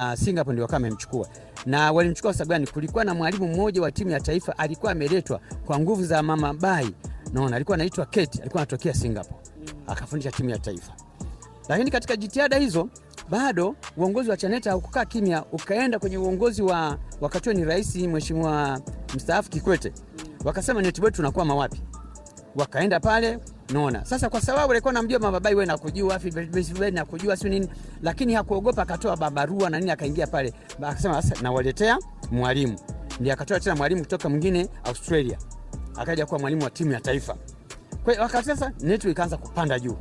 uh, ah, Singapore ndio wakawa wamemchukua na walimchukua sababu gani? Kulikuwa na mwalimu mmoja wa timu ya taifa alikuwa ameletwa kwa nguvu za mama bai, naona alikuwa anaitwa Kate, alikuwa anatokea Singapore mm. akafundisha timu ya taifa. Lakini katika jitihada hizo bado uongozi wa Chaneta haukukaa kimya, ukaenda kwenye uongozi wa wakati ni rais mheshimiwa mstaafu Kikwete, mm. wakasema netibwetu tunakwama wapi? Wakaenda pale Unaona? Sasa kwa sababu alikuwa anamjua mama Babai, wewe nakujua, Babai nakujua, sio nini, lakini hakuogopa akatoa babarua na nini, akaingia pale akasema sasa nawaletea mwalimu. Ndio akatoa tena mwalimu kutoka mwingine Australia, akaja kuwa mwalimu wa timu ya taifa. Kwa hiyo wakati sasa network ikaanza kupanda juu,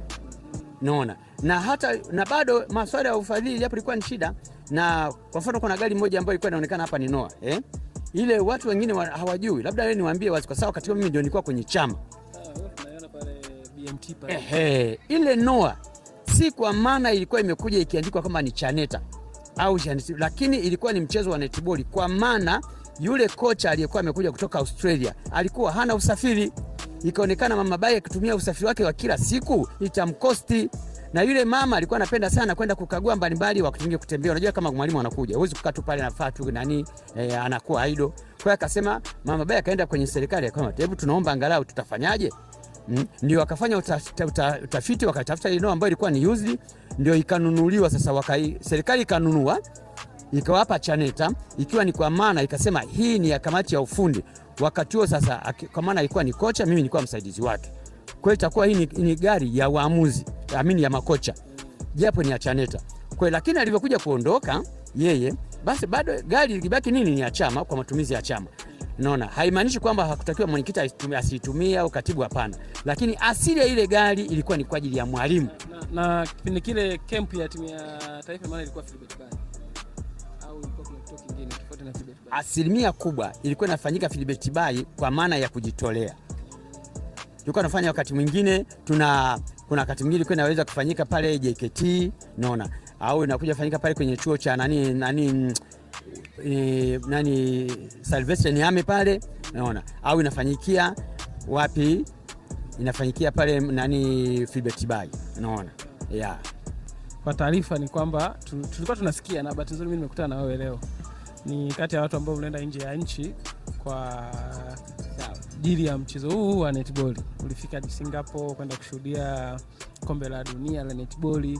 unaona, na hata na bado masuala ya ufadhili hapo ilikuwa ni shida. Na kwa mfano kuna gari moja ambayo ilikuwa inaonekana hapa ni Noah, eh, ile watu wengine hawajui, labda wewe niwaambie wazi, kwa sababu katika mimi ndio nilikuwa kwenye chama ya Mtipa. Ehe, ile noa si kwa maana ilikuwa imekuja ikiandikwa kama ni chaneta au janisi, lakini ilikuwa ni mchezo wa netiboli kwa maana yule kocha aliyekuwa amekuja kutoka Australia alikuwa hana usafiri, ikaonekana mama Baye akitumia usafiri wake wa kila siku itamkosti na yule mama alikuwa anapenda sana kwenda kukagua mbalimbali, wakati mwingine kutembea. Unajua, kama mwalimu anakuja huwezi kukaa tu pale nafaa tu nani e, anakuwa aido. Kwa hiyo akasema mama Baye akaenda kwenye serikali akasema, hebu tunaomba angalau tutafanyaje ndio wakafanya utafiti uta, uta, uta, wakatafuta eneo ambayo ilikuwa ni used, ndio ikanunuliwa. Sasa wakai, serikali ikanunua ikawapa Chaneta, ikiwa ni kwa maana ikasema hii ni ya kamati ya ufundi. Wakati huo sasa, kwa maana ilikuwa ni kocha, mimi nilikuwa msaidizi wake, kwa hiyo itakuwa hii ni, ni gari ya waamuzi amini ya makocha, japo ni ya Chaneta kwa, lakini alivyokuja kuondoka yeye, basi bado gari ilibaki nini, ni ya chama, kwa matumizi ya chama. Naona haimaanishi kwamba hakutakiwa mwenyekiti asiitumie au katibu, hapana, lakini asili ya ile gari ilikuwa ni kwa ajili ya mwalimu. Na, na kipindi kile camp ya timu ya taifa maana ilikuwa Philbert Bayi au ilikuwa kuna kitu kingine tofauti na Philbert Bayi? Asilimia kubwa ilikuwa inafanyika Philbert Bayi kwa maana ya kujitolea, tulikuwa tunafanya wakati mwingine tuna kuna wakati mwingine ilikuwa inaweza kufanyika pale JKT naona, au inakuja kufanyika pale kwenye chuo cha nani nani Eh, nani Salvation Yame pale, naona au inafanyikia wapi, inafanyikia pale nani Fibetibai, naona yeah. Kwa taarifa ni kwamba tulikuwa tunasikia, na bahati nzuri mimi nimekutana na wewe leo, ni kati ya watu ambao unaenda nje ya nchi kwa ajili ya mchezo huu wa netball. Ulifika Singapore kwenda kushuhudia kombe la dunia la netball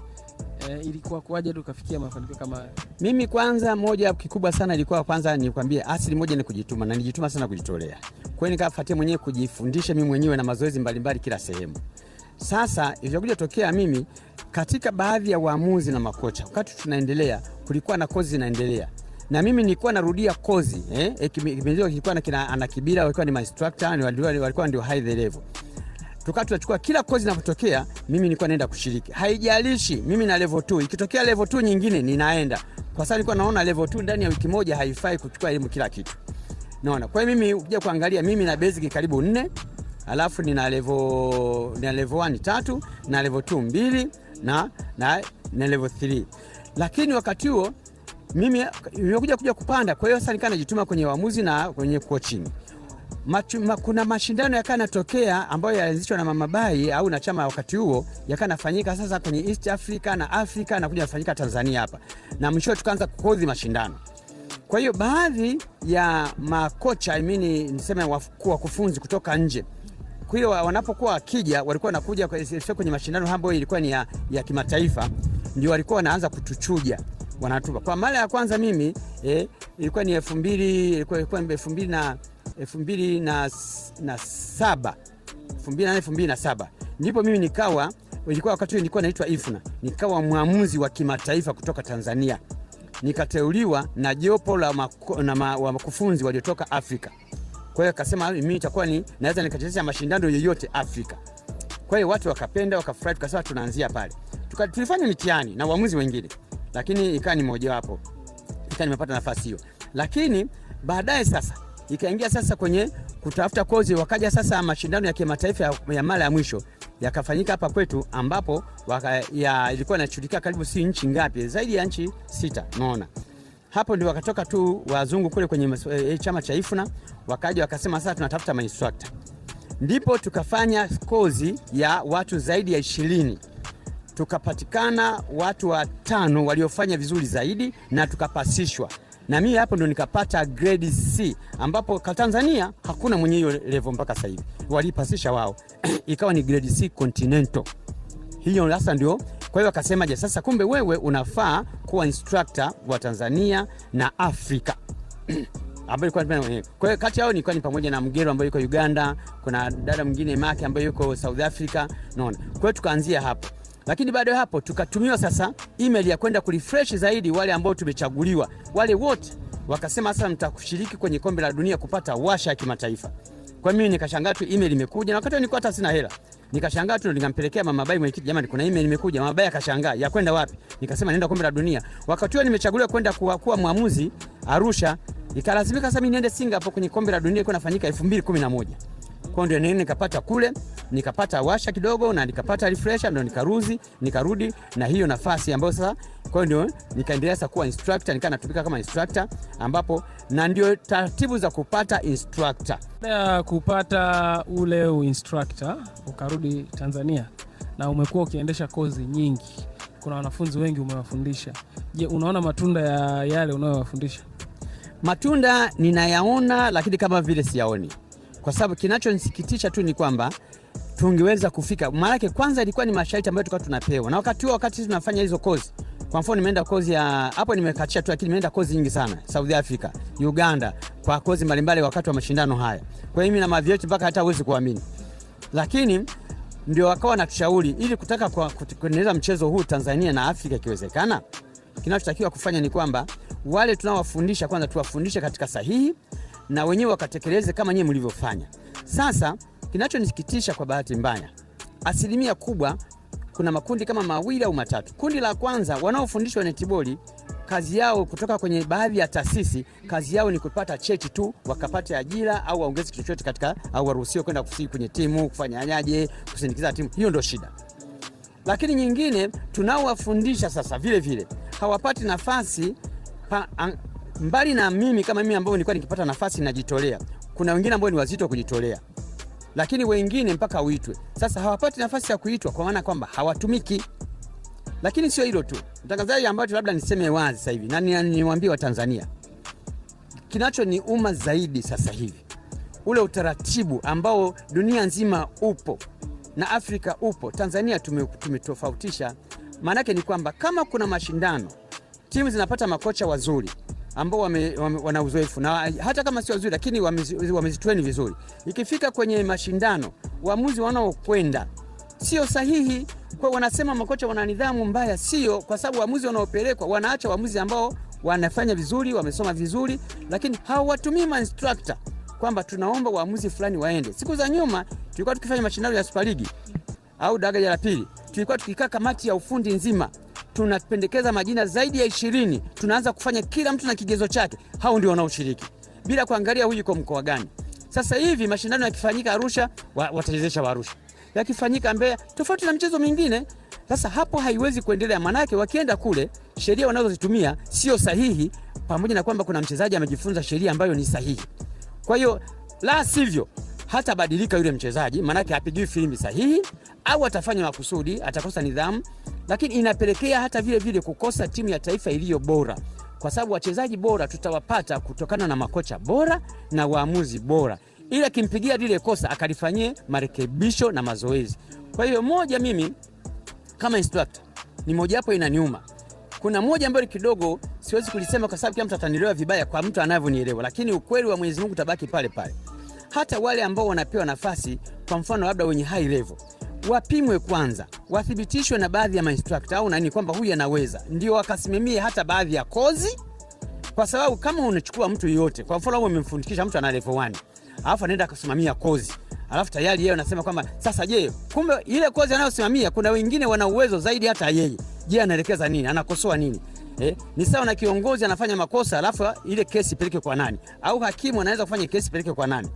eh, ilikuwa kuaje tukafikia mafanikio kama mimi? Kwanza moja kikubwa sana ilikuwa kwanza, nikwambie asili moja ni kujituma, na nijituma sana kujitolea. Kwa hiyo nikafuatia mwenyewe kujifundisha mimi mwenyewe na mazoezi mbalimbali kila sehemu. Sasa ilivyokuja tokea mimi katika baadhi ya waamuzi na makocha, wakati tunaendelea kulikuwa na kozi zinaendelea na mimi nilikuwa narudia kozi eh, eh kilikuwa na kina ana kibira walikuwa ni instructor, walikuwa ndio high level tukaa tunachukua kila kozi inavyotokea, mimi nilikuwa naenda kushiriki, haijalishi mimi na level 2. Ikitokea level 2 nyingine ninaenda, kwa sababu nilikuwa naona level 2 ndani ya wiki moja haifai kuchukua elimu kila kitu, naona. Kwa hiyo mimi ukija kuangalia, mimi na basic karibu nne, alafu nina level nina level 1 tatu na level 2 mbili na na na level 3, lakini wakati huo mimi nimekuja kuja kupanda. Kwa hiyo sasa nikaa najituma kwenye uamuzi na kwenye coaching Machu, ma, kuna mashindano yakawa yanatokea ambayo yalianzishwa na mamabai au na chama wakati huo, yakawa yanafanyika sasa kwenye East Africa na Africa na kuja nafanyika Tanzania hapa, na mwisho tukaanza kuhodhi mashindano. Kwa hiyo baadhi ya makocha I mean, niseme wakufunzi kutoka nje kwa hiyo wanapokuwa wakija walikuwa wanakuja kwenye mashindano ambayo ilikuwa ni ya, ya kimataifa, ndio walikuwa wanaanza kutuchuja wanatupa. Kwa mara ya kwanza mimi eh, ilikuwa ni elfu mbili ilikuwa elfu mbili na 2007 ndipo mimi nikawa, ilikuwa wakati huo nilikuwa naitwa Ifuna, nikawa mwamuzi wa kimataifa kutoka Tanzania, nikateuliwa na jopo la maku, na ma, wa makufunzi waliotoka Afrika. Kwa hiyo akasema mimi nitakuwa ni naweza nikachezesha mashindano yoyote Afrika. Kwa hiyo watu wakapenda, wakafurahi, tukasema tunaanzia pale. Tulifanya mitiani na uamuzi wengine, lakini ikawa ni mojawapo, ikawa nimepata nafasi hiyo, lakini baadaye sasa ikaingia sasa kwenye kutafuta kozi. Wakaja sasa mashindano ya kimataifa ya mara ya mwisho yakafanyika hapa kwetu, ambapo ilikuwa inashughulikia karibu si nchi ngapi, zaidi ya nchi sita. Naona hapo ndio wakatoka tu wazungu kule kwenye eh, eh, chama cha IFNA wakaja wakasema sasa tunatafuta mainstrakta, ndipo tukafanya kozi ya watu zaidi ya ishirini tukapatikana watu watano waliofanya vizuri zaidi na tukapasishwa na mimi hapo ndo nikapata grade C, ambapo kwa Tanzania hakuna mwenye hiyo level mpaka sasa hivi, walipasisha wao ikawa ni grade C continental. Hiyo sasa ndio kwa hiyo akasema, je, sasa kumbe wewe unafaa kuwa instructor wa Tanzania na Afrika kwa hiyo kati yao nilikuwa ni pamoja na Mgero ambaye yuko Uganda, kuna dada mwingine Mark ambaye yuko South Africa, naona. Kwa hiyo tukaanzia hapo. Lakini baada ya hapo tukatumiwa sasa email ya kwenda kurefresh zaidi wale ambao tumechaguliwa. Wale wote wakasema sasa mtakushiriki kwenye kombe la dunia kupata washa ya kimataifa. Kwa mimi nikashangaa tu email imekuja na wakati nilikuwa hata sina hela. Nikashangaa tu nikampelekea mama Bai mwenyekiti, jamani kuna email imekuja. Mama Bai akashangaa, ya kwenda wapi? Nikasema naenda kombe la dunia. Wakati huo nimechaguliwa kwenda kuwa, kuwa mwamuzi Arusha. Ikalazimika sasa mimi niende Singapore kwenye kombe la dunia liko nafanyika 2011. Kwa ndio nini yaani nikapata kule, nikapata washa kidogo na nikapata refresher, ndio nikaruzi nikarudi na hiyo nafasi ambayo sasa, kwa ndio nikaendelea sasa kuwa instructor, nikaa natumika kama instructor, ambapo na ndio taratibu za kupata instructor. Ya kupata ule instructor ukarudi Tanzania na umekuwa ukiendesha kozi nyingi, kuna wanafunzi wengi umewafundisha. Je, unaona matunda ya yale unayowafundisha? Matunda ninayaona, lakini kama vile siyaoni kwa sababu kinachonsikitisha tu ni kwamba tungeweza kufika. Maanake kwanza ilikuwa ni masharti ambayo tulikuwa tunapewa, na wakati huo, wakati tunafanya hizo kozi, kwa mfano nimeenda kozi ya hapo, nimekatisha tu, lakini nimeenda kozi nyingi sana South Africa, Uganda, kwa kozi mbalimbali wakati wa mashindano haya. Kwa hiyo mimi na mavyeti mpaka hata huwezi kuamini, lakini ndio wakawa na tushauri ili kutaka kuendeleza mchezo huu Tanzania na Afrika ikiwezekana, kinachotakiwa kufanya ni kwamba wale tunaowafundisha kwanza tuwafundishe katika sahihi na wenyewe wakatekeleze kama nyie mlivyofanya. Sasa kinachonisikitisha kwa bahati mbaya, asilimia kubwa kuna makundi kama mawili au matatu. Kundi la kwanza wanaofundishwa netiboli kazi yao kutoka kwenye baadhi ya taasisi, kazi yao ni kupata cheti tu, wakapate ajira au waongeze kitu chochote katika, au waruhusiwe kwenda kusii kwenye timu, kufanya nyaje, kusindikiza timu. Hiyo ndio shida. Lakini nyingine tunaowafundisha sasa vile vile hawapati nafasi pa, mbali na mimi kama mimi ambao nilikuwa nikipata nafasi najitolea, kuna wengine ambao ni wazito kujitolea, lakini wengine mpaka uitwe. Sasa hawapati nafasi ya kuitwa, kwa maana kwamba hawatumiki. Lakini sio hilo tu, mtangazaji, ambacho labda niseme wazi sasa hivi na niwaambie Watanzania, umma zaidi sasa hivi ule utaratibu ambao dunia nzima upo na Afrika upo, Tanzania tumetofautisha. Maanake ni kwamba kama kuna mashindano, timu zinapata makocha wazuri ambao wame, wame, wana uzoefu na hata kama sio wazuri, lakini wamezitreni wame vizuri. Ikifika kwenye mashindano, waamuzi wanaokwenda sio sahihi. Kwa wanasema makocha wana nidhamu mbaya, sio kwa sababu waamuzi wanaopelekwa wanaacha waamuzi ambao wanafanya vizuri, wamesoma vizuri, lakini hawatumii mainstructor kwamba tunaomba waamuzi fulani waende. Siku za nyuma tulikuwa tukifanya mashindano ya Super League au daraja la pili, tulikuwa tukikaa kamati ya ufundi nzima tunapendekeza majina zaidi ya ishirini. Tunaanza kufanya kila mtu na kigezo chake, hao ndio wanaoshiriki bila kuangalia huyu ko mkoa gani. Sasa hivi mashindano yakifanyika Arusha watachezesha wa Arusha, yakifanyika Mbeya, tofauti na mchezo mingine. Sasa hapo haiwezi kuendelea, maanake wakienda kule sheria wanazozitumia sio sahihi, pamoja na kwamba kuna mchezaji amejifunza sheria ambayo ni sahihi. Kwa hiyo la sivyo hatabadilika yule mchezaji, maanake apigiwi filimbi sahihi, au atafanya makusudi, atakosa nidhamu lakini inapelekea hata vile vile kukosa timu ya taifa iliyo bora, kwa sababu wachezaji bora tutawapata kutokana na makocha bora na waamuzi bora, ili akimpigia lile kosa akalifanyie marekebisho na mazoezi. Kwa hiyo moja, mimi kama instructor ni mojawapo inaniuma. Kuna moja ambayo kidogo siwezi kulisema kwa sababu kila mtu atanielewa vibaya kwa mtu anavyonielewa, lakini ukweli wa Mwenyezi Mungu utabaki pale pale. Hata wale ambao wanapewa nafasi, kwa mfano labda wenye high level wapimwe kwanza, wathibitishwe na baadhi ya mainstructor au nani kwamba huyu anaweza, ndio wakasimamie hata baadhi ya kozi, kwa sababu kama unachukua mtu yoyote, kwa mfano umemfundikisha mtu ana level 1 alafu anaenda akasimamia kozi alafu tayari yeye anasema kwamba sasa, je, kumbe ile kozi anayosimamia kuna wengine wana uwezo zaidi hata yeye. Je, anaelekeza nini? Anakosoa nini? Eh, ni sawa na kiongozi anafanya makosa, alafu ile kesi peleke kwa nani? Au hakimu anaweza kufanya kesi peleke kwa nani?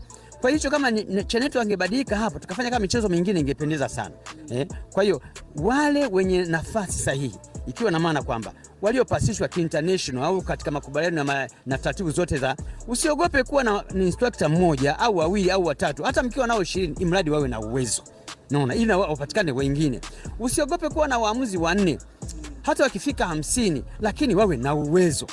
Kwa hicho kama chenetu angebadilika hapo, tukafanya kama michezo mingine ingependeza sana eh. Kwa hiyo wale wenye nafasi sahihi, ikiwa na maana kwamba waliopasishwa kiintenational au katika makubaliano na, na taratibu zote za, usiogope kuwa na instructor mmoja au wawili au watatu, hata mkiwa nao ishirini, imradi wawe na uwezo naona, ili wapatikane wengine. Usiogope kuwa na waamuzi wanne, hata wakifika hamsini, lakini wawe na uwezo.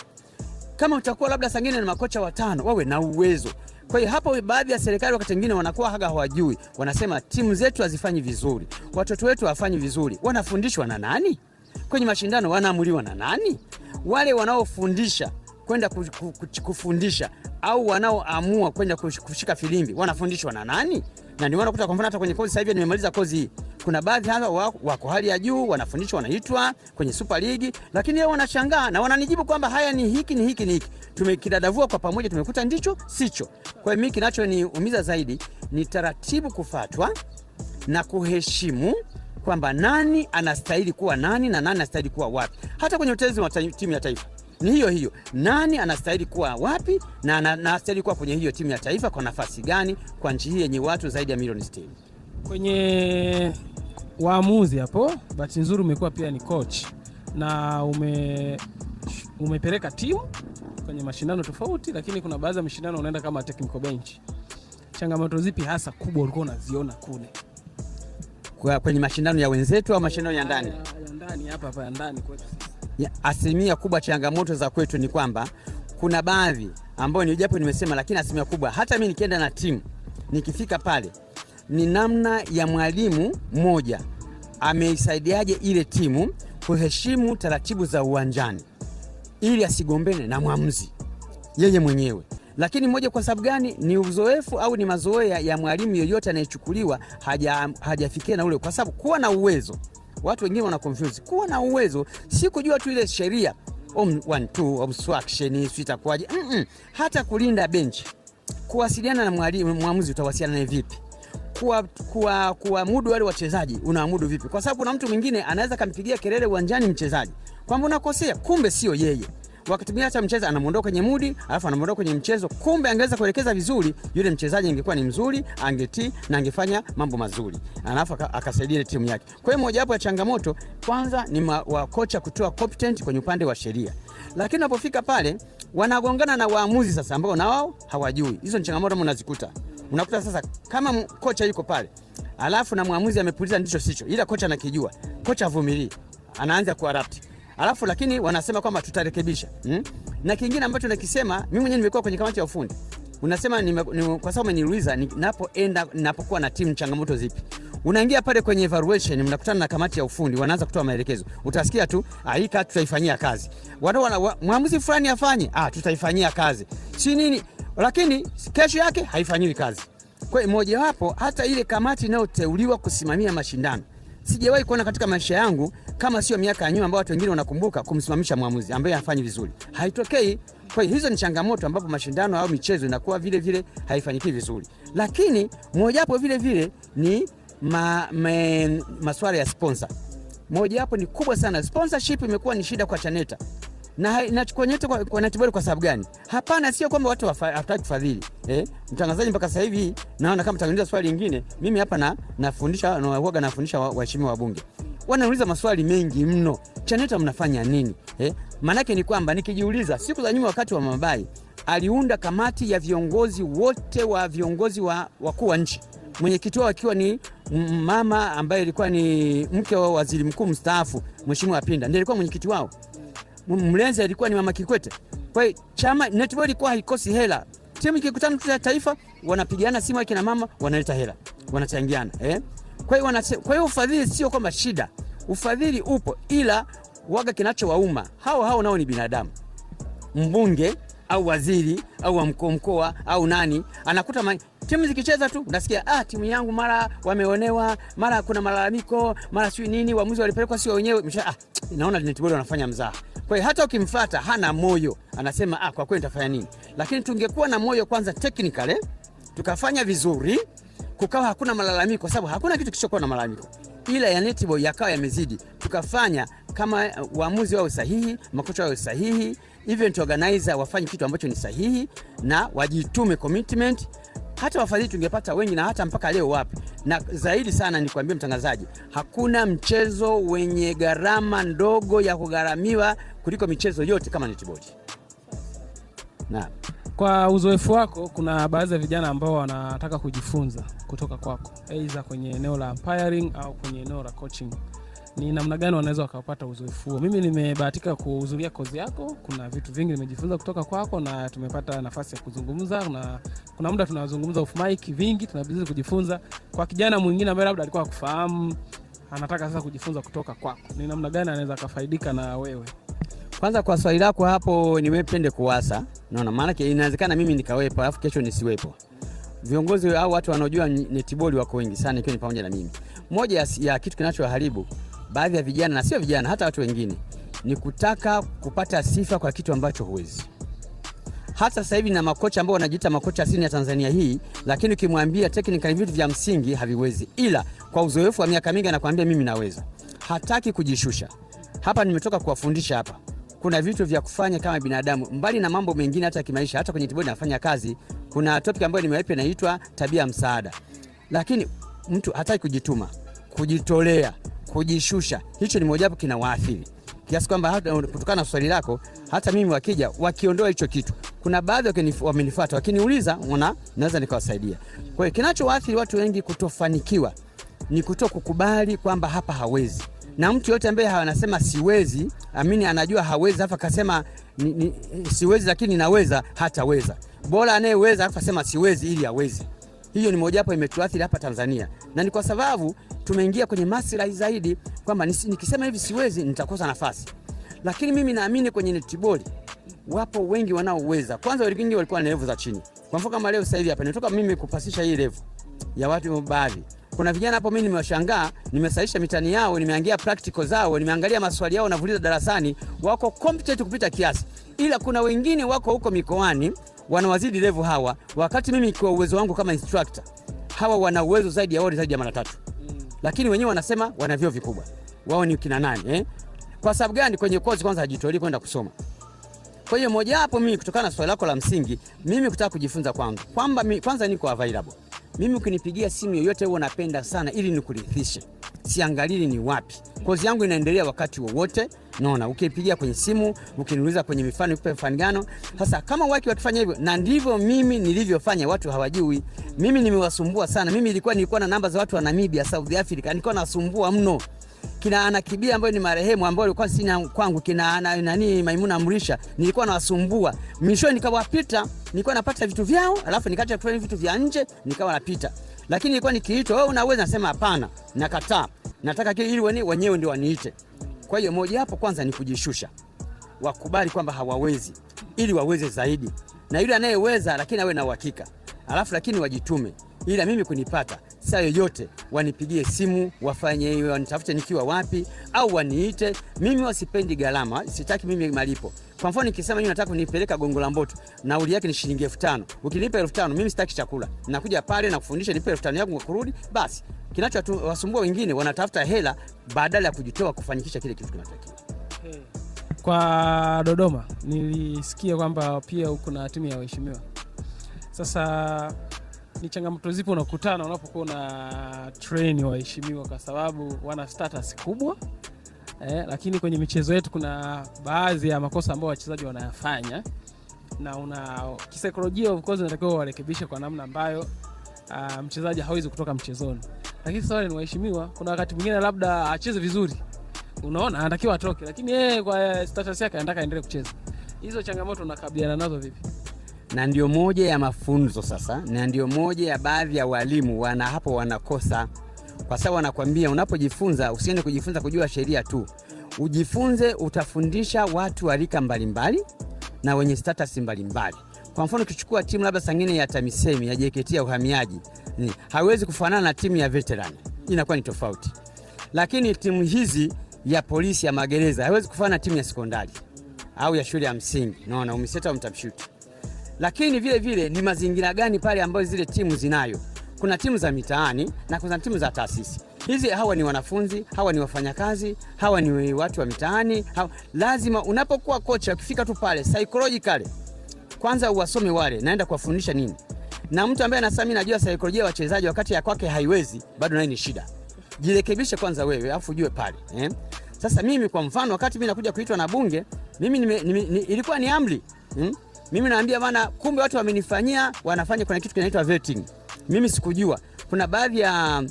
Kama utakuwa labda sangine na makocha watano, wawe na uwezo kwa hiyo hapo, baadhi ya serikali wakati mwingine wanakuwa haga hawajui, wanasema timu zetu hazifanyi vizuri, watoto wetu hawafanyi vizuri. Wanafundishwa na nani? Kwenye mashindano wanaamuliwa na nani? Wale wanaofundisha kwenda kufundisha au wanaoamua kwenda kushika filimbi wanafundishwa na nani? Na ndio wanakuta kwa mfano hata kwenye kozi sasa hivi nimemaliza kozi hii, kuna baadhi hawa wako hali ya juu, wanafundishwa wanaitwa kwenye Super League, lakini yeye wanashangaa na wananijibu kwamba haya ni hiki ni hiki ni hiki tumekidadavua kwa pamoja, tumekuta ndicho sicho. Kwa hiyo mimi kinachoniumiza zaidi ni taratibu kufatwa na kuheshimu kwamba nani anastahili kuwa nani na nani anastahili kuwa wapi. Hata kwenye utenzi wa timu ya taifa ni hiyo hiyo, nani anastahili kuwa wapi na anastahili kuwa kwenye hiyo timu ya taifa kwa nafasi gani, kwa nchi hii yenye watu zaidi ya milioni 60. Kwenye waamuzi hapo, bahati nzuri umekuwa pia ni coach na ume, umepeleka timu kwenye mashindano tofauti, lakini kuna baadhi ya mashindano unaenda kama technical bench. Changamoto zipi hasa kubwa ulikuwa unaziona kule kwa kwenye mashindano ya wenzetu au mashindano ya ndani? Ya ndani hapa hapa ya ndani kwetu sisi. Asilimia kubwa changamoto za kwetu ni kwamba kuna baadhi ambayo ni japo nimesema, lakini asilimia kubwa hata mimi nikienda na timu nikifika pale ni namna ya mwalimu mmoja ameisaidiaje ile timu kuheshimu taratibu za uwanjani ili asigombene na mwamuzi yeye mwenyewe. Lakini moja, kwa sababu gani? Ni uzoefu au ni mazoea ya mwalimu yeyote anayechukuliwa hajafikia haja, na ule, kwa sababu kuwa na uwezo, watu wengine wana confuse. Kuwa na uwezo si kujua tu ile sheria obstruction, mm -mm. hata kulinda benchi, kuwasiliana na mwamuzi utawasiliana naye vipi? Kuwa, kuwa, kuwa mudu wale wachezaji unaamudu vipi? Kwa sababu kuna mtu mwingine anaweza kampigia kelele uwanjani mchezaji kwamba unakosea, kumbe sio yeye. Wakati mwingine hata mchezaji anamwondoa kwenye mudi, alafu anamwondoa kwenye mchezo. Kumbe angeweza kuelekeza vizuri, yule mchezaji angekuwa ni mzuri, angetii na angefanya mambo mazuri, alafu akasaidia timu yake. Kwa hiyo mojawapo ya changamoto kwanza ni wakocha kutoa competent kwenye upande wa sheria, lakini unapofika pale wanagongana na waamuzi sasa, ambao na wao hawajui. Hizo ni changamoto mnazikuta, unakuta sasa kama kocha yuko pale alafu na mwamuzi amepuliza ndicho sicho, ila kocha anakijua, kocha avumilii, anaanza kuarapti alafu lakini wanasema kwamba tutarekebisha hmm? na kingine ambacho nakisema mi mwenyewe nimekuwa kwenye kamati ya ufundi unasema nime, nime, kwa sababu umeniuliza napoenda napokuwa na timu changamoto zipi unaingia pale kwenye evaluation, mnakutana na kamati ya ufundi, wanaanza kutoa maelekezo. Utasikia tu aika ah, tutaifanyia kazi, wana, wana mwamuzi fulani afanye, ah, tutaifanyia kazi si nini, lakini kesho yake haifanyiwi kazi. Kwa mojawapo, hata ile kamati inayoteuliwa kusimamia mashindano sijawahi kuona katika maisha yangu, kama sio miaka ya nyuma ambao watu wengine wanakumbuka, kumsimamisha mwamuzi ambaye hafanyi vizuri, haitokei. Kwa hiyo hizo ni changamoto ambapo mashindano au michezo inakuwa vile vile haifanyiki vizuri, lakini mojawapo vile vile ni ma, ma, maswala ya sponsor mojawapo ni kubwa sana. Sponsorship imekuwa ni shida kwa Chaneta na inachukua nyota kwa, kwa Netball kwa sababu gani? Hapana, sio kwamba watu hawataki kufadhili eh. Mtangazaji mpaka sasa hivi naona kama mtangazaji, swali lingine mimi hapa na nafundisha na huaga nafundisha waheshimiwa wa bunge wanauliza maswali mengi mno, Chaneta mnafanya nini eh? Maanake ni kwamba nikijiuliza, siku za nyuma wakati wa mabai aliunda kamati ya viongozi wote wa viongozi wa wakuu wa nchi, mwenyekiti wao akiwa ni mama ambaye ilikuwa ni mke wa waziri mkuu mstaafu Mheshimiwa Pinda, ndiye alikuwa mwenyekiti wao mlenzi alikuwa ni mama Kikwete. Kwa hiyo chama netball ilikuwa haikosi hela, timu ikikutana tu ya taifa wanapigana simu, akina mama wanaleta hela, wanachangiana eh. Kwa hiyo kwa hiyo ufadhili sio kwamba shida, ufadhili upo, ila waga kinachowauma hao hao nao ni binadamu. Mbunge au waziri au wa mkoa au nani anakuta ma... timu zikicheza tu nasikia ah, timu yangu mara wameonewa, mara kuna malalamiko, mara sijui nini, waamuzi walipelekwa sio wenyewe, ah, naona netball wanafanya mzaha. Kwa hiyo hata ukimfata hana moyo, anasema ah, kwa kweli nitafanya nini? Lakini tungekuwa na moyo kwanza technical eh? tukafanya vizuri, kukawa hakuna malalamiko, kwa sababu hakuna kitu kisichokuwa na malalamiko, ila ya netball yakawa yamezidi, tukafanya kama uh, uamuzi wao sahihi, makocha wao sahihi, event organizer wafanye kitu ambacho ni sahihi na wajitume commitment hata wafadhili tungepata wengi na hata mpaka leo wapi. Na zaidi sana nikwambie mtangazaji, hakuna mchezo wenye gharama ndogo ya kugharamiwa kuliko michezo yote kama netiboli. Na Kwa uzoefu wako, kuna baadhi ya vijana ambao wanataka kujifunza kutoka kwako, aidha kwenye eneo la umpiring au kwenye eneo la coaching, ni namna gani wanaweza wakapata uzoefu huo? Mimi nimebahatika kuhudhuria kozi yako, kuna vitu vingi nimejifunza kutoka kwako na tumepata nafasi ya kuzungumza, na kuna muda tunazungumza off mic, vingi tunabidi kujifunza. Kwa kijana mwingine ambaye labda alikuwa hakufahamu, anataka sasa kujifunza kutoka kwako, ni namna gani anaweza akafaidika na wewe? Kwanza kwa swali lako hapo, nimepende kuwasa, naona maanake inawezekana mimi nikawepo alafu kesho nisiwepo. Viongozi au watu wanaojua netiboli wako wengi sana, ikiwa ni pamoja na mimi. Moja ya kitu kinachoharibu baadhi ya vijana na sio vijana, hata watu wengine ni kutaka kupata sifa kwa kitu ambacho huwezi. Hata sasa hivi na makocha ambao wanajiita makocha asili ya Tanzania hii, lakini ukimwambia technical vitu vya msingi haviwezi, ila kwa uzoefu wa miaka mingi anakuambia mimi naweza. Hataki kujishusha. Hapa nimetoka kuwafundisha hapa kuna vitu vya kufanya kama binadamu, mbali na mambo mengine, hata kimaisha, hata kwenye tiboni nafanya kazi. Kuna topic ambayo nimewaipa inaitwa tabia msaada, lakini mtu hataki kujituma, kujitolea, kujishusha, hicho ni mojawapo kina waathiri kiasi kwamba kutokana na swali lako, hata mimi wakija wakiondoa hicho kitu, kuna baadhi wamenifata wakiniuliza, na naweza nikawasaidia. Kwa hiyo kinachowaathiri watu wengi kutofanikiwa ni kuto kukubali kwamba hapa hawezi na mtu yote ambaye anasema siwezi, amini anajua hawezi, afa akasema siwezi lakini ninaweza, hataweza. Bora anayeweza afa sema siwezi ili aweze. Hiyo ni mojawapo imetuathiri hapa Tanzania, na ni kwa sababu tumeingia kwenye maslahi zaidi kwamba nikisema hivi siwezi nitakosa nafasi, lakini mimi naamini kwenye netiboli wapo wengi wanaoweza. Kwanza wengi walikuwa na levu za chini. Kwa mfano kama leo sasa hivi hapa nitoka mimi kupasisha hii levu ya watu baadhi kuna vijana hapo mimi nimewashangaa, nimesaisha mitani yao, nimeangalia practical zao, nimeangalia maswali yao wanavuliza darasani, wako competent kupita kiasi, ila kuna wengine wako huko mikoani wanawazidi level hawa, wakati mimi kwa uwezo wangu kama instructor, hawa wana uwezo zaidi ya wao zaidi ya mara tatu, mm. lakini wenyewe wanasema wana vyeo vikubwa, wao ni kina nani eh? Kwa sababu gani? Kwenye kozi kwanza hajitolii kwenda kusoma. Kwa hiyo hapo, mimi kutokana na swali lako la msingi, mimi kutaka kujifunza kwangu kwamba kwanza niko available mimi ukinipigia simu yoyote huwa napenda sana ili nikurithishe siangalili ni wapi. Kozi yangu inaendelea wakati wowote, naona ukipigia kwenye simu, ukiniuliza kwenye mifano, ipe mfanigano. Sasa kama waki wakifanya hivyo, na ndivyo mimi nilivyofanya, watu hawajui mimi nimewasumbua sana. Mimi ilikuwa nilikuwa na namba za watu wa Namibia, South Africa, nilikuwa nasumbua mno kina Ana Kibia ambayo ni marehemu ambao alikuwa sina kwangu, kina Ana nani Maimuna Mrisha, nilikuwa nawasumbua mishoni, nikawapita, nilikuwa napata vitu vyao, alafu nikaacha tu vitu vya nje, nikawa napita. Lakini nilikuwa nikiitwa wewe unaweza, nasema hapana, nakataa, nataka kile ili wenyewe wenyewe ndio waniite. Kwa hiyo moja hapo kwanza ni kujishusha, wakubali kwamba hawawezi ili waweze zaidi, na yule anayeweza lakini awe na uhakika, alafu lakini wajitume ila mimi kunipata saa yoyote wanipigie simu, wafanye hiyo, wanitafute nikiwa wapi, au waniite mimi. Wasipendi gharama, sitaki mimi malipo. Kwa mfano nikisema mimi nataka kunipeleka Gongo la Mboto, nauli yake ni shilingi elfu tano. Ukinipa elfu tano mimi sitaki chakula, nakuja pale na kufundisha, nipe elfu tano yangu kurudi. Basi kinachowasumbua wengine wanatafuta hela baadala ya kujitoa kufanikisha kile kitu kinatakiwa kwa Dodoma nilisikia kwamba pia huku na timu ya waheshimiwa sasa ni changamoto zipo unakutana unapokuwa una train waheshimiwa, kwa sababu wana status kubwa eh, lakini kwenye michezo yetu kuna baadhi ya makosa ambayo wachezaji wanayafanya na una kisaikolojia, of course, unatakiwa warekebishe kwa namna ambayo uh, mchezaji hawezi kutoka mchezoni. Lakini sasa wale ni waheshimiwa, kuna wakati mwingine labda acheze vizuri, unaona anatakiwa atoke, lakini yeye kwa status yake anataka aendelee kucheza. Hizo changamoto unakabiliana nazo vipi? na ndio moja ya mafunzo sasa, na ndio moja ya baadhi ya walimu wana hapo wanakosa, kwa sababu wanakwambia unapojifunza usiende kujifunza kujua sheria tu, ujifunze, utafundisha watu wa rika mbalimbali na wenye status mbalimbali. mbali. Kwa mfano ukichukua timu labda sangine ya TAMISEMI ya JKT ya uhamiaji ni, hawezi kufanana na timu ya veteran, inakuwa ni tofauti. Lakini timu hizi ya polisi ya magereza hawezi kufanana na timu ya sekondari au ya shule ya msingi. Naona umeseta umtamshuti lakini vile vile ni mazingira gani pale ambayo zile timu zinayo. Kuna timu za mitaani na kuna timu za taasisi. Hizi hawa ni wanafunzi, hawa ni wafanyakazi, hawa ni watu wa mitaani hawa. Lazima unapokuwa kocha, ukifika tu pale psychologically, kwanza uwasome wale, naenda kuwafundisha nini, na mtu ambaye anasema mimi najua saikolojia ya wachezaji wakati ya kwake haiwezi, bado naye ni shida. Jirekebishe kwanza wewe alafu ujue pale eh? Sasa mimi kwa mfano, wakati mi nakuja kuitwa na Bunge, mimi nime, nime, nime, ilikuwa ni amri hmm? Mimi naambia bana, kumbe watu wamenifanyia, wanafanya kuna kitu kinaitwa vetting. Mimi sikujua. Kuna baadhi ya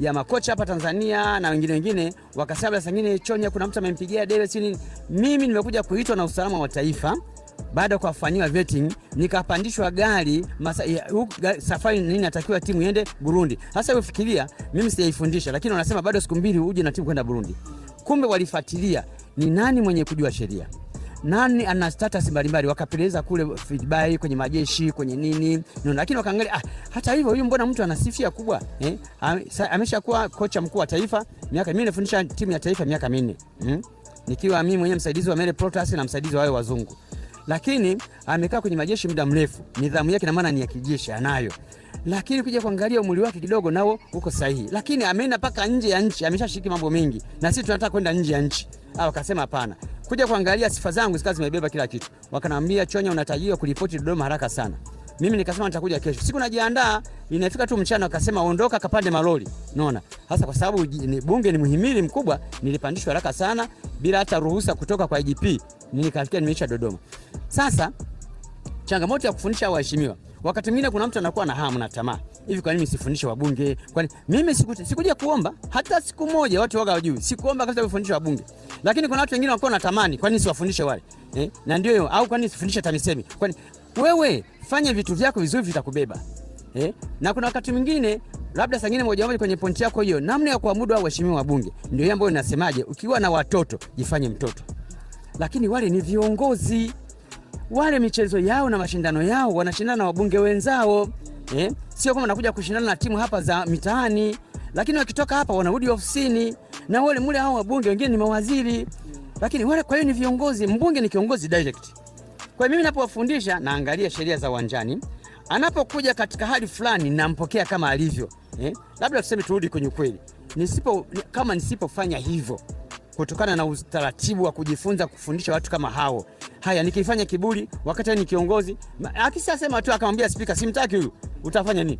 ya makocha hapa Tanzania na wengine wengine wakasema basi ngine chonya, kuna mtu amempigia debe sini. Mimi nimekuja kuitwa na usalama wa taifa baada ya kufanyiwa vetting, nikapandishwa gari masa, ya, u, safari nini natakiwa timu iende Burundi. Sasa ufikiria mimi sijaifundisha, lakini wanasema bado siku mbili uje na timu kwenda Burundi. Kumbe walifuatilia ni nani mwenye kujua sheria nani ana status mbalimbali, wakapeleza kule Dubai kwenye majeshi kwenye nini, no, lakini wakaangalia ah, hata hivyo huyu mbona mtu ana sifa kubwa eh? Ameshakuwa kocha mkuu wa taifa miaka, mimi nafundisha timu ya taifa miaka minne hmm? nikiwa mimi mwenyewe msaidizi wa Mary Protas na msaidizi wao wazungu, lakini amekaa kwenye majeshi muda mrefu, nidhamu yake na maana ni ya kijeshi anayo lakini ukija kuangalia umri wake kidogo nao uko sahihi, lakini ameenda paka nje ya nchi, ameshashiriki mambo mengi, na sisi tunataka kwenda nje ya nchi. Au akasema hapana, kuja kuangalia sifa zangu zikawa zimebeba kila kitu. wakanambia Chonya, unatajiwa kuripoti Dodoma haraka sana. Mimi nikasema nitakuja kesho. Siku najiandaa, inafika tu mchana akasema ondoka kapande maloli. Unaona? Hasa kwa sababu ni bunge ni muhimili mkubwa, nilipandishwa haraka sana bila hata ruhusa kutoka kwa IGP. Nikafikia nimeisha Dodoma. Sasa changamoto ya kufundisha waheshimiwa. Wakati mwingine kuna mtu anakuwa na hamu na tamaa hivi kwa nini sifundishe wabunge? Kwani mimi sikuja siku kuomba hata siku moja, watu waga wajui. Sikuomba kabisa kufundisha wabunge. Lakini kuna watu wengine walikuwa wanatamani, kwa nini siwafundishe wale? Eh? Na ndio au kwa nini sifundishe TAMISEMI? Kwani wewe fanya vitu vyako vizuri vitakubeba. Eh? Na kuna wakati mwingine labda sangine moja moja kwenye pointi yako hiyo, namna ya kuamudu au waheshimiwa wabunge, ndio hiyo ambayo ninasemaje, ukiwa na watoto jifanye mtoto. Lakini wale ni viongozi, wale michezo yao na mashindano yao wanashindana na wabunge wenzao eh? Sio kama nakuja kushindana na timu hapa za mitaani, lakini wakitoka hapa wanarudi ofisini na wale mule hao wabunge wengine ni mawaziri, lakini wale, kwa hiyo ni viongozi. Mbunge ni kiongozi direct. Kwa mimi napowafundisha naangalia sheria za uwanjani, anapokuja katika hali fulani nampokea kama alivyo eh? Labda tuseme turudi kwenye ukweli, nisipo kama nisipofanya hivyo kutokana na utaratibu wa kujifunza kufundisha watu kama hao. Haya, nikifanya kiburi wakati ni kiongozi, akisasema tu akamwambia spika, simtaki huyu, utafanya nini?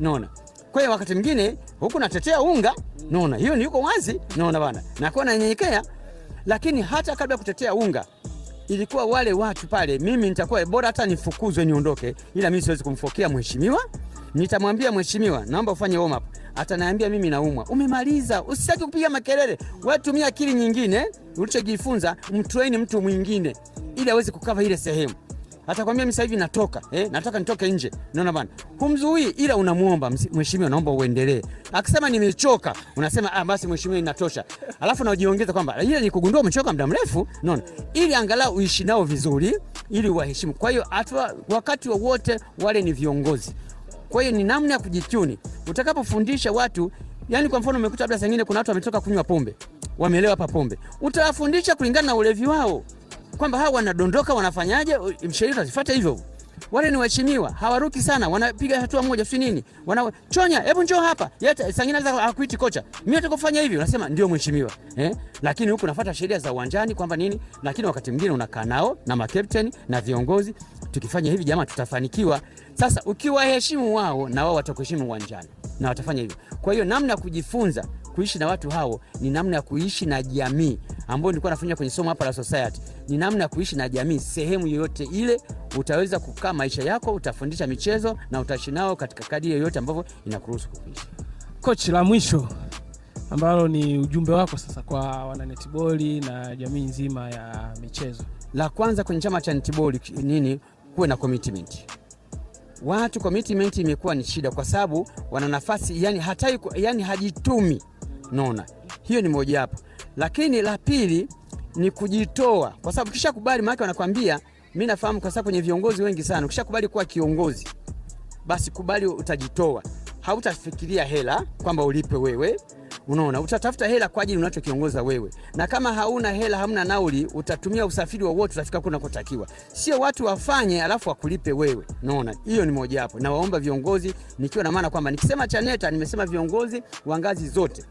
Naona kwa hiyo wakati mwingine huku natetea unga, naona hiyo ni yuko wazi, naona bana, nakuwa nanyenyekea. Lakini hata kabla ya kutetea unga ilikuwa wale watu pale, mimi nitakuwa eh, bora hata nifukuzwe niondoke, ila mimi siwezi kumfokea mheshimiwa. Nitamwambia mheshimiwa, naomba ufanye warm up ataniambia mimi naumwa. Umemaliza, usitaki kupiga makelele, wewe tumia akili nyingine ulichojifunza, mtrain mtu mwingine ili aweze kukava ile sehemu. Atakwambia mimi sasa hivi natoka eh, nataka nitoke nje. Unaona bwana, humzuii, ila unamuomba mheshimiwa, naomba uendelee. Akisema nimechoka, unasema ah, basi mheshimiwa, inatosha. Alafu unajiongeza kwamba ile ni kugundua umechoka muda mrefu, unaona, ili angalau uishi nao vizuri, ili uwaheshimu. Kwa hiyo wakati wowote wa wale ni viongozi kwa hiyo ni namna ya kujituni utakapofundisha watu. Yani kwa mfano, umekuta labda sengine kuna watu wametoka kunywa pombe, wamelewa hapa pombe, utawafundisha kulingana na ulevi wao kwamba hawa wanadondoka, wanafanyaje? mshairi utazifuata hivyo. Wale ni waheshimiwa, hawaruki sana, wanapiga hatua moja, si nini, wanachonya, hebu njoo hapa. sangina za akuiti kocha, mimi nataka kufanya hivi, unasema ndio mheshimiwa eh? Lakini huku unafuata sheria za uwanjani kwamba nini, lakini wakati mwingine unakaa nao na makapteni na viongozi, tukifanya hivi jamaa tutafanikiwa. Sasa ukiwaheshimu wao na wao watakuheshimu uwanjani na watafanya hivyo. Kwa hiyo namna ya kujifunza kuishi na watu hao ni namna ya kuishi na jamii ambayo nilikuwa nafanya kwenye somo hapa la society, ni namna ya kuishi na jamii sehemu yoyote ile. Utaweza kukaa maisha yako, utafundisha michezo na utaishi nao katika kadi yoyote ambavyo inakuruhusu kuishi. Kochi, la mwisho ambalo ni ujumbe wako sasa kwa wananetiboli na jamii nzima ya michezo, la kwanza kwenye chama cha netiboli nini kuwe na commitment. Watu commitment imekuwa ni shida, kwa sababu wana nafasi yani, hatai yani hajitumi. Naona hiyo ni moja hapo, lakini la pili ni kujitoa, kwa sababu kisha kubali, maana wanakwambia mimi nafahamu, kwa sababu kwenye viongozi wengi sana, kisha kubali kuwa kiongozi, basi kubali utajitoa, hautafikiria hela kwamba ulipe wewe Unaona, utatafuta hela kwa ajili unachokiongoza wewe, na kama hauna hela, hamna nauli, utatumia usafiri wowote, utafika kule unakotakiwa. Sio watu wafanye alafu wakulipe wewe. Unaona, hiyo ni moja hapo. nawaomba viongozi, nikiwa na maana kwamba nikisema Chaneta nimesema viongozi wa ngazi zote,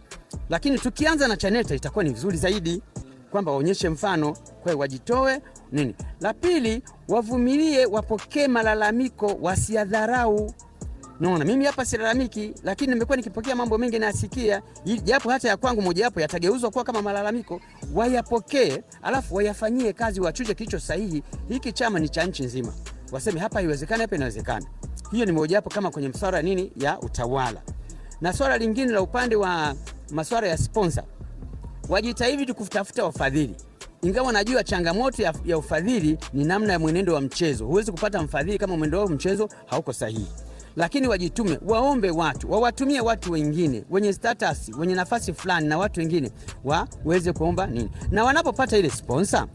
lakini tukianza na Chaneta itakuwa ni vizuri zaidi kwamba waonyeshe mfano, kwa hiyo wajitoe nini. La pili, wavumilie, wapokee malalamiko, wasiadharau. Naona mimi hapa silalamiki, lakini nimekuwa nikipokea mambo mengi nasikia, japo hata ya kwangu mojawapo yatageuzwa kuwa kama malalamiko. Wayapokee alafu wayafanyie kazi, wachuje kilicho sahihi. Hiki chama ni cha nchi nzima, waseme hapa haiwezekani, hapa inawezekana. Hiyo ni mojawapo kama kwenye mswara nini ya utawala, na swala lingine la upande wa maswara ya sponsor, wajitahidi kutafuta wafadhili ingawa najua changamoto ya, ya ufadhili ni namna ya mwenendo wa mchezo. Huwezi kupata mfadhili kama mwenendo wa mchezo hauko sahihi lakini wajitume, waombe watu, wawatumie watu wengine wenye status, wenye nafasi fulani, na watu wengine waweze kuomba nini, na wanapopata ile sponsor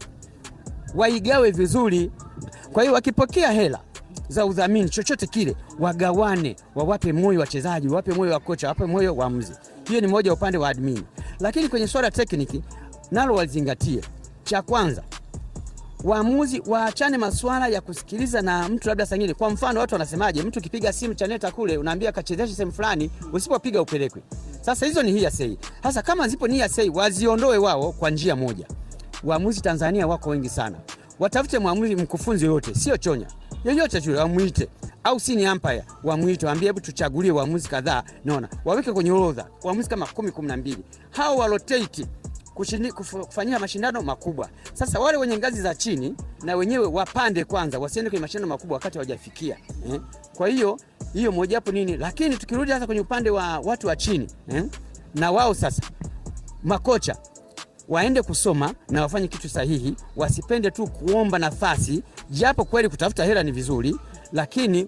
waigawe vizuri. Kwa hiyo wakipokea hela za udhamini chochote kile, wagawane, wawape moyo wachezaji, wawape moyo wa kocha, wawape moyo wa mzi Hiyo ni moja upande wa admini lakini kwenye swala tekniki nalo walizingatie. Cha kwanza waamuzi waachane masuala ya kusikiliza na mtu labda sangine. Kwa mfano watu wanasemaje, mtu kipiga simu chaneta kule unaambia kachezeshe sehemu fulani, usipopiga upelekwe. Sasa hizo ni hearsay. Sasa kama zipo ni hearsay, waziondoe wao kwa njia moja. Waamuzi Tanzania wako wengi sana, watafute mwamuzi mkufunzi yoyote, sio chonya yoyote yule, wamwite au si ni umpire wamuite, waambie hebu tuchagulie waamuzi kadhaa, naona waweke kwenye orodha waamuzi kama kumi, 10 12, hao wa rotate kufanyia mashindano makubwa. Sasa wale wenye ngazi za chini na wenyewe wapande kwanza, wasiende kwenye mashindano makubwa wakati hawajafikia eh. Kwa hiyo hiyo moja hapo nini, lakini tukirudi sasa kwenye upande wa watu wa chini eh, na wao sasa makocha waende kusoma na wafanye kitu sahihi, wasipende tu kuomba nafasi, japo kweli kutafuta hela ni vizuri, lakini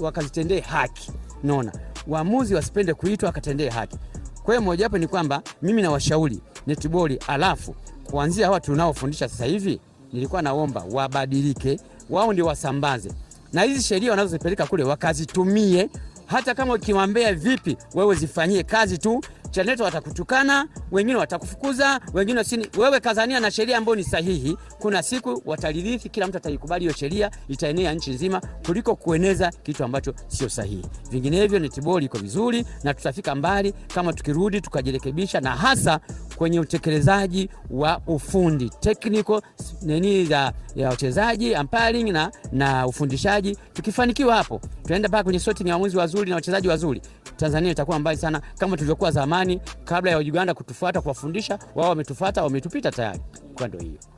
wakazitendee haki. Naona waamuzi wasipende kuitwa, akatendee haki. Kwa hiyo wapo ni kwamba mimi nawashauri netiboli, alafu kuanzia hawa tunaofundisha sasa hivi, nilikuwa naomba wabadilike, wao ndio wasambaze, na hizi sheria wanazozipeleka kule wakazitumie hata kama ukiwambea vipi, wewe zifanyie kazi tu chaneto watakutukana, wengine watakufukuza, wengine sini. Wewe kazania na sheria ambayo ni sahihi, kuna siku watalirithi, kila mtu ataikubali hiyo sheria, itaenea nchi nzima kuliko kueneza kitu ambacho sio sahihi. Vinginevyo Netiboli iko vizuri na tutafika mbali kama tukirudi tukajirekebisha, na hasa kwenye utekelezaji wa ufundi technical nini ya, ya wachezaji umpiring na, na ufundishaji. Tukifanikiwa hapo, tunaenda mpaka kwenye sorting ya waamuzi wazuri na wachezaji wazuri, Tanzania itakuwa mbali sana kama tulivyokuwa zamani, kabla ya Uganda kutufuata kuwafundisha. Wao wametufuata, wametupita tayari, kwa ndio hiyo.